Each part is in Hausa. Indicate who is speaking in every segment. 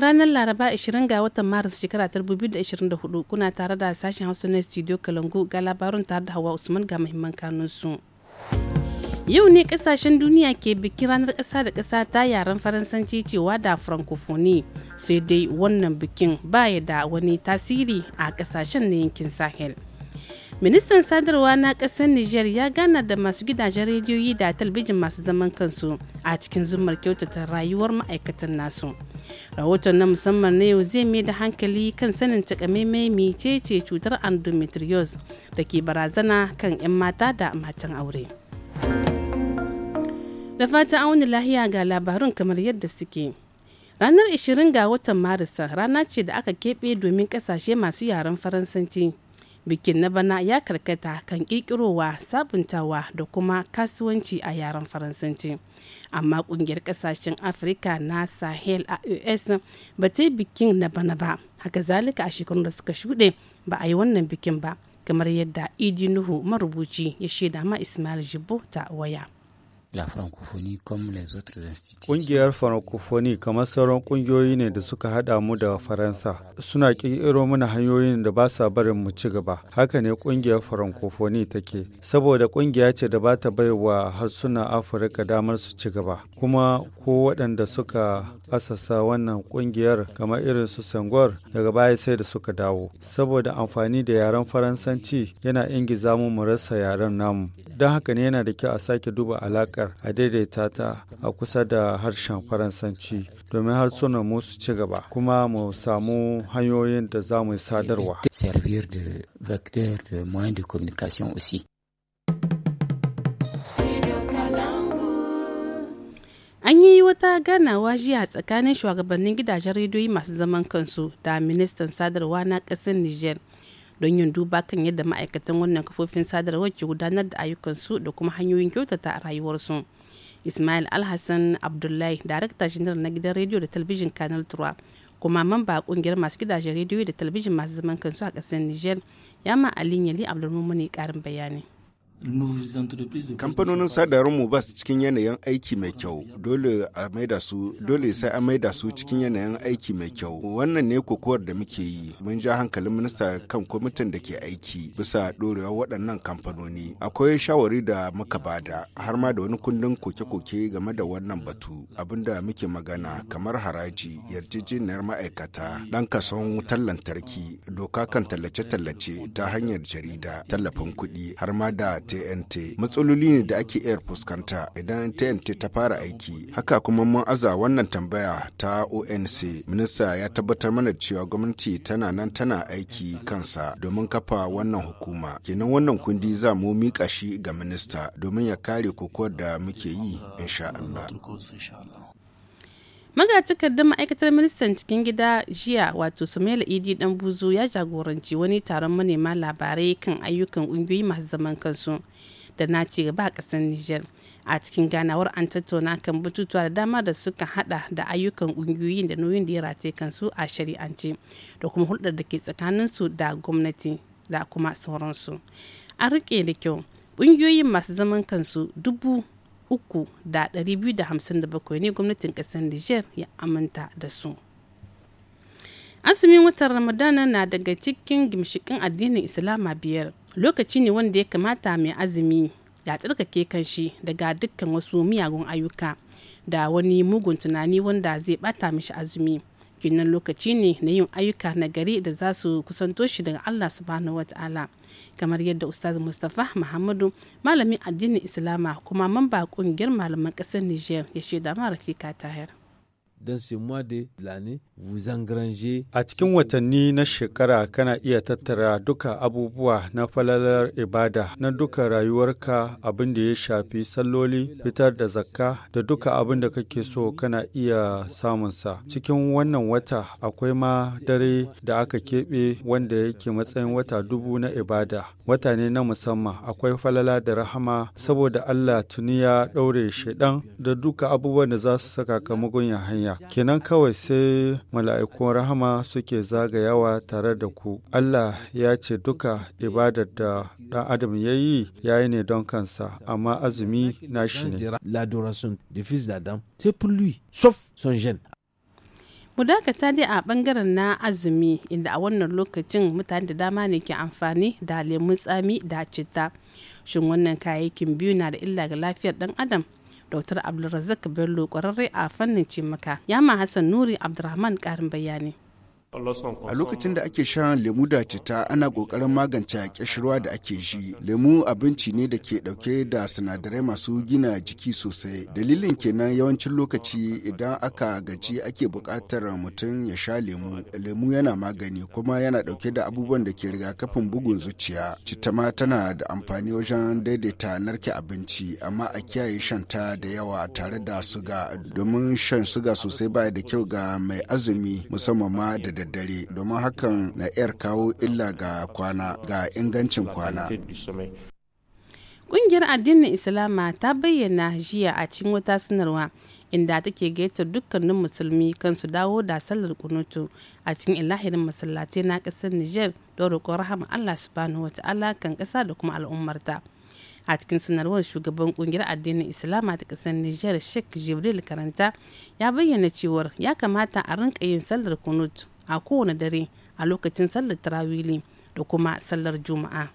Speaker 1: ranar Laraba 20 ga watan Maris shekara 2024 kuna tare da sashen Hausa na Studio Kalangu ga labarun tare da Hawa Usman ga muhimman kanunsu. Yau ne kasashen duniya ke bikin ranar kasa da kasa ta yaren Faransanci cewa da Francophonie sai dai wannan bikin baya da wani tasiri a kasashen na yankin Sahel. Ministan sadarwa na kasar niger ya gana da masu gidajen rediyoyi da talbijin masu zaman kansu a cikin zumar kyautata rayuwar ma'aikatan nasu. rahoton na musamman na yau zai mai da hankali kan sanin takamaimai mecece cutar endometriosis da ke barazana kan 'yan mata da matan aure da fata auni lahiya ga labarun kamar yadda suke ranar 20 ga watan marisa rana ce da aka keɓe domin ƙasashe masu yaren faransanci bikin na bana ya karkata kan ƙirƙirowa sabuntawa da kuma kasuwanci a yaren faransanci amma ƙungiyar ƙasashen afirka na sahel a us ba ta yi bikin na bana ba haka zalika a shekarun da suka shuɗe ba a yi wannan bikin ba kamar yadda idi nuhu marubuci ya shaida ma ismail jibo ta waya
Speaker 2: La francophonie comme les autres institutions. Ƙungiyar francophonie kamar sauran ƙungiyoyi ne da suka haɗa mu da Faransa. Suna ƙirƙiro mana hanyoyin da ba sa barin mu ci gaba. Haka ne ƙungiyar francophonie take. Saboda ƙungiya ce da ba ta bai wa harsunan Afirka damar su ci gaba. Kuma ko waɗanda suka asasa wannan ƙungiyar kamar irin su sangor daga baya sai da suka dawo. Saboda amfani da yaren Faransanci yana ingiza mu mu rasa yaren namu. Don haka ne yana da kyau a sake duba alaƙa waƙar a daidaita ta a kusa da harshen faransanci domin harsunan mu su ci gaba kuma mu samu hanyoyin da za mu sadarwa
Speaker 1: An yi wata ganawa jiya tsakanin shugabannin gidajen rediyoyi masu zaman kansu da ministan sadarwa na ƙasar Nijar don yin duba kan yadda ma'aikatan wannan kafofin sadarwar ke gudanar da ayyukansu da kuma hanyoyin kyautata rayuwarsu ismail alhassan abdullahi darakta janar na gidan rediyo da talbijin kanal tura kuma mamba kungiyar masu gidajen rediyo da talbijin masu zaman kansu a ƙasar niger yama alin yali abdulmumuni karin bayani
Speaker 3: kamfanonin mu ba su cikin yanayin aiki mai kyau dole sai a maida su cikin yanayin aiki mai kyau wannan ne kokowar da muke yi mun ja hankalin minista kan kwamitin da ke aiki bisa dorewa waɗannan kamfanoni akwai shawari da muka bada har ma da wani kundin koke-koke game da wannan batu abinda muke magana kamar haraji yarjejeniyar ma'aikata ɗan kason wutar lantarki doka kan tallace-tallace ta hanyar jarida tallafin kuɗi har ma da TNT matsaloli ne da ake iya fuskanta idan TNT ta fara aiki. Haka kuma mun aza wannan tambaya ta ONC. Minista ya tabbatar mana cewa gwamnati tana nan tana aiki kansa domin kafa wannan hukuma. Kenan wannan kundi za mu miƙa shi ga minista domin ya kare kokowar da muke yi insha Allah.
Speaker 1: magatakardar ma'aikatar ministan cikin gida jiya wato samuel idi dan buzu ya jagoranci wani taron manema labarai kan ayyukan ƙungiyoyi masu zaman kansu da na ci gaba a ƙasar niger a cikin ganawar an tattauna kan batutuwa da dama da suka hada da ayyukan ƙungiyoyin da nauyin da ya rataye kansu a shari'ance da kuma hulɗar da ke tsakaninsu da gwamnati da kuma sauransu an riƙe da kyau ƙungiyoyin masu zaman kansu dubu uku da ne gwamnatin ƙasar niger ya aminta da su azumin watan ramadana na daga cikin gimshikin addinin islama biyar lokaci ne wanda ya kamata mai azumi ya tsarkake kanshi daga dukkan wasu miyagun ayyuka da wani mugun tunani wanda zai bata mishi azumi kinan lokaci ne na yin ayyuka na gari da za su kusanto shi daga Allah subhanahu wataala kamar yadda ustaz Mustapha Muhammadu malamin addinin Islama kuma mamba kungiyar malaman ƙasar Niger ya shaida ma Rafika Tahir
Speaker 2: don ce de l'année vous a cikin watanni na shekara kana iya tattara duka abubuwa na falalar ibada na duka rayuwarka abin da ya shafi salloli fitar da zakka da duka abin da kake so kana iya samun sa cikin wannan wata akwai ma dare da aka keɓe wanda yake matsayin wata dubu na ibada wata ne na musamman akwai falala da rahama saboda Allah tuni ya ɗaure shaidan da duka abubuwan da za su saka ka mugun hanya duniya kenan kawai sai mala'ikun rahama suke zagayawa tare da ku Allah ya ce duka ibadar da ɗan adam ya yi ya yi ne don kansa amma azumi na shi ne
Speaker 1: Mu dakata dai a bangaren na azumi inda a wannan lokacin mutane da dama ne ke amfani da lemun tsami da citta. Shin wannan kayayyakin biyu na da illa ga lafiyar dan adam? Dr. Abdulrazak Bello kwararre a fannin cimaka. Yama Hassan Nuri Abdulrahman karin bayani.
Speaker 2: A lokacin
Speaker 3: da ake shan lemu da cita ana ƙoƙarin magance ƙishirwa da ake ji. Lemu abinci ne da ke ɗauke da sinadarai masu gina jiki sosai. Dalilin kenan yawancin lokaci idan aka gaji ake buƙatar mutum ya sha lemu. Lemu yana magani kuma yana ɗauke da abubuwan da ke rigakafin bugun zuciya. Cita ma tana da amfani wajen daidaita narke abinci amma a kiyaye shan ta da yawa tare da suga domin shan suga sosai baya da kyau ga mai azumi musamman ma da daddare domin hakan na 'yar kawo illa ga kwana ga ingancin kwana.
Speaker 1: Ƙungiyar addinin Islama ta bayyana jiya a cikin wata sanarwa inda take gaitar dukkanin musulmi kan su dawo da sallar kunutu a cikin ilahirin masallatai na ƙasar Nijar don roƙon rahama Allah subhanahu wata'ala kan ƙasa da kuma al'ummarta. A cikin sanarwar shugaban ƙungiyar addinin Islama ta ƙasar Nijar Sheikh Jibril Karanta ya bayyana cewar ya kamata a rinka yin sallar kunutu a kowane dare a lokacin sallar tarawili da kuma sallar juma'a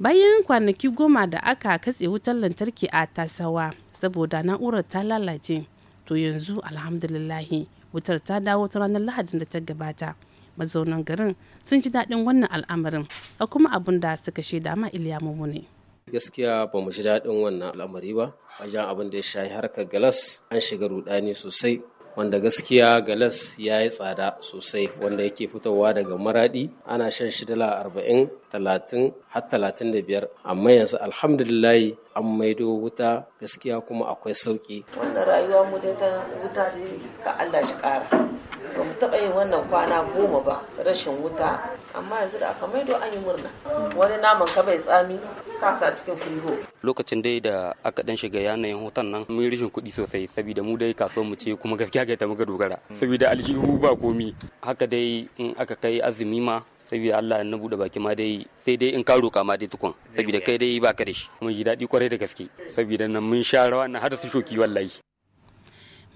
Speaker 1: bayan kwanaki goma da aka katse wutar lantarki a tasawa saboda na'urar ta lalace to yanzu alhamdulillahi wutar ta dawo ta ranar lahadin da ta gabata mazaunan garin sun ji daɗin wannan al'amarin a kuma abin da suka shaida ma iliya ne.
Speaker 3: gaskiya ba mu ji daɗin wannan al'amari ba wajen abin da ya shayi harkar galas an shiga rudani sosai wanda gaskiya galas ya yi tsada sosai wanda yake fitowa daga maradi ana shan shi dala arba'in talatin har talatin da biyar amma yanzu alhamdulillahi an maido wuta gaskiya kuma akwai sauki wannan rayuwa
Speaker 1: mu dai ta wuta da ka allah shi kara ba mu taɓa yin wannan kwana goma ba rashin wuta amma yanzu da aka maido an yi murna wani naman ka bai tsami kasa cikin firigo.
Speaker 3: Lokacin dai da aka dan shiga yanayin hoton nan mun rishin kuɗi sosai saboda mu dai kaso mu ce kuma gaskiya ga ta muka dogara saboda aljihu ba komi haka dai in aka kai azumi ma saboda Allah na bude baki ma dai sai dai in ka roka ma dai tukun saboda kai dai baka da shi mun ji daɗi kwarai da gaske saboda nan mun sha rawa na har su shoki wallahi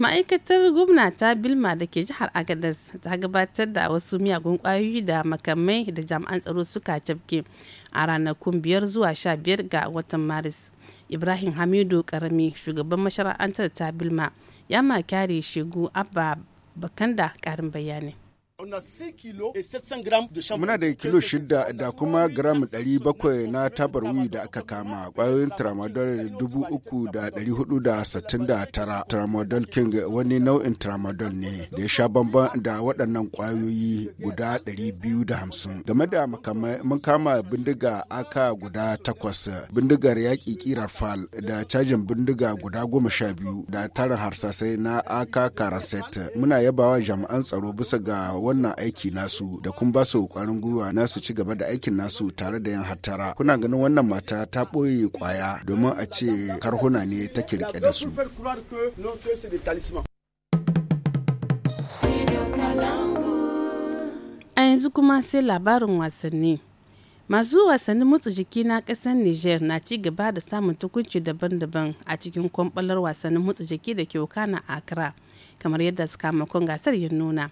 Speaker 1: ma'aikatar gwamna ta bilma da ke jihar agadas ta gabatar da wasu miyagun kwayoyi da makamai da jami'an tsaro suka cafke a ranakun biyar zuwa sha biyar ga watan maris ibrahim hamidu karami shugaban mashara'antar ta bilma ya ma kyare shegu abba bakanda karin bayani
Speaker 3: Muna da kilo shida da kuma gram ɗari bakwai na tabarwi da aka kama ƙwayoyin tramadol dubu uku da ɗari hudu da sittin da tara. Tramadol King wani nau'in tramadol ne da ya sha bamban da waɗannan ƙwayoyi guda ɗari biyu da hamsin. Game da makamai mun kama bindiga aka guda takwas, bindigar yaƙi ƙirar fal da cajin bindiga guda goma sha biyu da tarin harsasai na aka karaset. Muna yabawa jami'an tsaro bisa ga wannan aiki nasu da kun ba su kwarin gwiwa na ci gaba da aikin nasu tare da yan hattara kuna ganin wannan mata ta ɓoye kwaya domin a ce karhuna ne ta rike da su
Speaker 1: a yanzu kuma sai labarin wasanni masu wasannin motsa jiki na ƙasar niger na ci gaba da samun tukunci daban-daban a cikin kwamɓalar wasannin motsa jiki da ke okana accra kamar yadda suka gasar ya nuna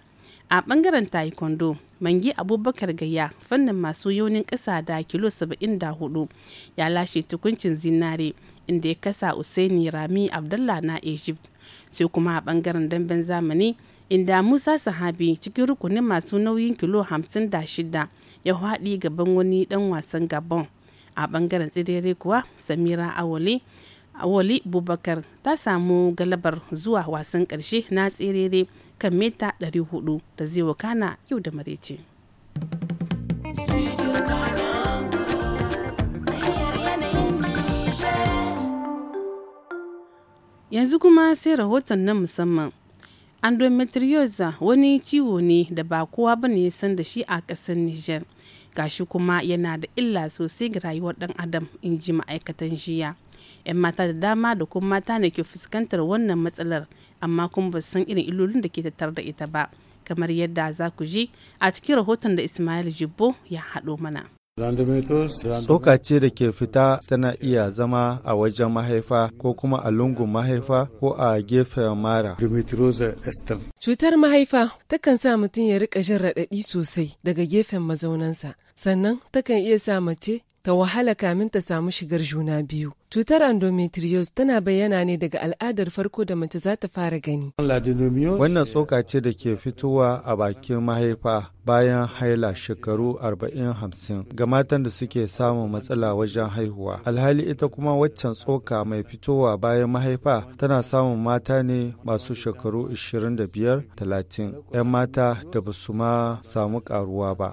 Speaker 1: a bangaren taekwondo mangi abubakar gayya fannin masu yaunin ƙasa da kilo 74 ya lashe tukuncin zinare inda ya kasa usaini rami abdullah na egypt sai kuma a bangaren damben zamani inda musa sahabi cikin rukunin masu nauyin kilo 56 ya haɗi gaban wani ɗan wasan gabon a bangaren tsirere kuwa samira awali. wali bubakar ta samu galabar zuwa wasan karshe na tserere kan mita 400 da zai wakana yau da marece. yanzu kuma sai rahoton na musamman endometriosis wani ciwo ne da ba kowa ba ne san da shi a ƙasar niger gashi kuma yana da illa sosai ga rayuwar ɗan adam in ji ma'aikatan jiya 'yan mata da dama da kuma mata ne ke fuskantar wannan matsalar amma kuma ba san irin ilolin da ke tattar da ita ba kamar yadda za ku ji a cikin rahoton da ismail jibbo ya haɗo mana
Speaker 2: Tsoka ce da ke fita tana iya zama a wajen mahaifa ko kuma a lungun mahaifa ko a gefen mara.
Speaker 4: Cutar mahaifa takan sa mutum ya rika jin raɗaɗi sosai daga gefen mazaunansa, sannan takan iya sa mace ta wahala kamin ta samu shigar juna biyu. Cutar endometriosis tana bayyana ne daga al'adar farko da mace za ta fara gani.
Speaker 2: Wannan tsoka ce da ke fitowa a bakin mahaifa bayan haila shekaru 40-50 ga matan da suke samun matsala wajen haihuwa. Alhali ita kuma waccan tsoka mai fitowa bayan mahaifa tana samun mata ne masu shekaru 25-30 'yan mata da ba su ma samu karuwa ba.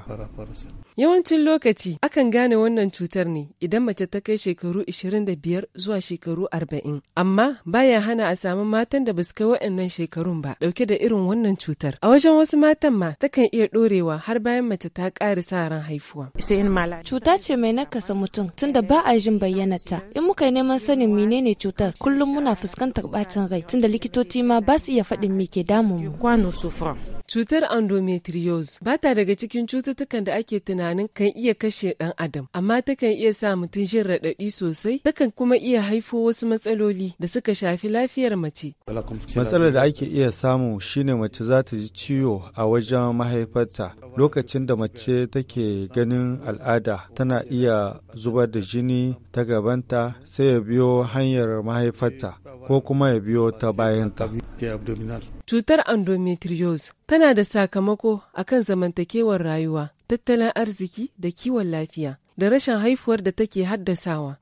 Speaker 4: Yawancin lokaci akan gane wannan cutar ne idan mace ta kai shekaru 25 zuwa shekaru 40, amma baya hana a samu matan da basu kai waɗannan shekarun ba ɗauke da irin wannan cutar. A wajen wasu matan ma takan iya ɗorewa har bayan mace ta ƙare sa ran haifuwa. Cuta ce mai nakasa mutum tunda ba a jin bayyanata. In muka yi neman sanin menene cutar kullum muna fuskantar bacin rai tunda likitoci ma ba su iya faɗin me ke damun mu. Cutar endometriose ba ta daga cikin cututtukan da ake tunanin kan iya kashe ɗan adam, amma takan iya sa mutum jin raɗaɗi sosai, takan kuma iya haifo wasu matsaloli da suka shafi lafiyar mace.
Speaker 2: Matsalar da ake iya samu shine mace za ta ji ciwo a wajen mahaifarta. Lokacin da mace take ganin al'ada tana iya zubar da jini ta gabanta sai ya biyo hanyar mahaifarta. ko kuma ya biyo ta bayanta.
Speaker 4: Cutar endometriosis tana da sakamako akan zamantakewar rayuwa, tattalin arziki da kiwon lafiya. da rashin haifuwar da take haddasawa.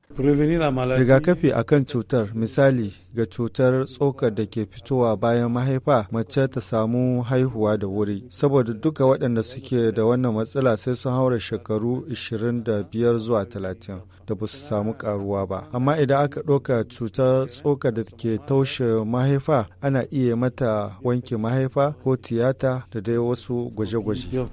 Speaker 2: Rigakafi a kan cutar misali ga cutar tsokar da ke fitowa bayan mahaifa mace ta samu haihuwa da wuri saboda duka waɗanda suke da wannan matsala sai sun haura shekaru 25 zuwa 30 da ba su samu karuwa ba amma idan aka ɗauka cutar tsoka da ke taushe mahaifa ana iya mata wanke mahaifa ko tiyata da dai wasu gwaje-gwaje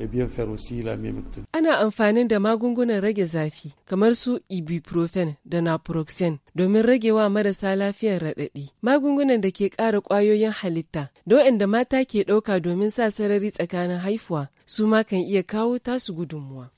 Speaker 4: ana amfani da magungunan rage zafi kamar su ibuprofen da naproxen domin rage wa marasa lafiyar raɗaɗi magungunan da ke ƙara ƙwayoyin halitta da mata ke ɗauka domin sa sarari tsakanin haifuwa su ma kan iya kawo tasu gudunmuwa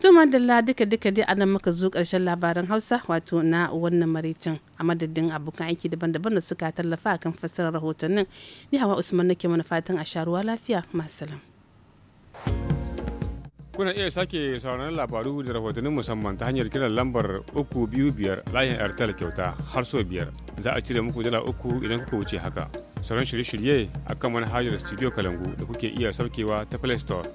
Speaker 1: To madalla duka duka dai anan muka zo karshen labaran Hausa wato na wannan maritin a madadin abokan aiki daban-daban da suka tallafa akan fassarar rahotannin. Ni Hawa Usman nake mana fatan a sharuwa lafiya masalam.
Speaker 3: Kuna iya sake sauraron labaru da rahotannin musamman ta hanyar kiran lambar 325 layin Airtel kyauta har so biyar. Za a cire muku dala uku idan kuka wuce haka. Sauran shirye-shirye akan manhajar Studio Kalangu da kuke iya saukewa ta Play Store.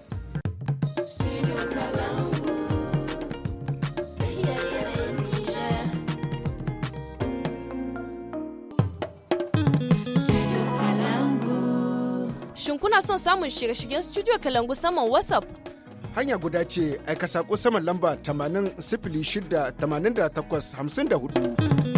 Speaker 1: Kuna son samun shirye-shiryen Studio Kalangu saman WhatsApp?
Speaker 3: Hanya guda ce aika saƙo saman lamba 80 06 88 54.